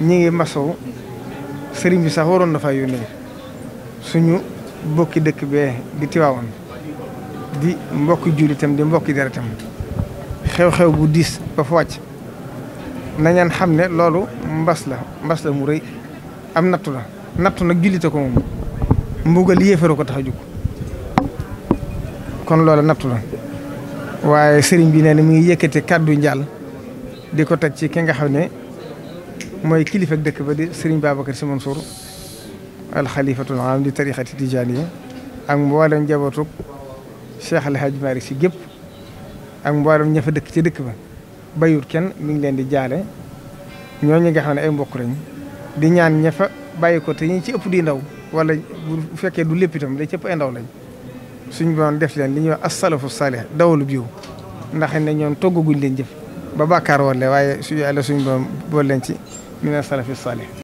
ñi ngi masaw sëriñ bi sax waroon na fa yónnee suñu bokki dëkk bee di Tiwaawoon di mbokki jullitam di mbokki deretam xew-xew bu diis ba fa wàcc nañaan xam ne loolu mbas la mbas la mu rëy am nattu la nattu nag jullite ko moom mbugal yéefaru ko tax a jóg kon loolu nattu la waaye sëriñ bi nee na mi ngi yëkkati kàddu njaal di ko teg ci ki nga xam ne mooy kilifa dëkk ba di Serigne Babacar Sy Mansour alxalifatul am di tarixati tijaaniya ak mboolem njabootug Cheikh El Hadj Malick Sy gépp ak mboolem ña dëkk ci dëkk ba bayut kenn mi ngi leen di jaale ñooñu nga xam ne ay mbokk lañ di ñaan ña fa ko te ñi ci ëpp di ndaw wala bu fekkee du lépp itam day ci ëpp ay ndaw lañ suñ doon def leen li ñuy wax asalafu salih dawalu biw ndax ne ñoom toggaguñ leen jëf ba bàkkaar woon le waaye suñ doon bool leen ci min as-salafi as-salih